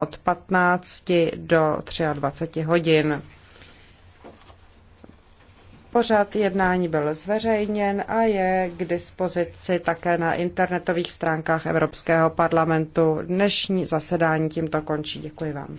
od 15 do 23 hodin. Pořad jednání byl zveřejněn a je k dispozici také na internetových stránkách Evropského parlamentu. Dnešní zasedání tímto končí. Děkuji vám.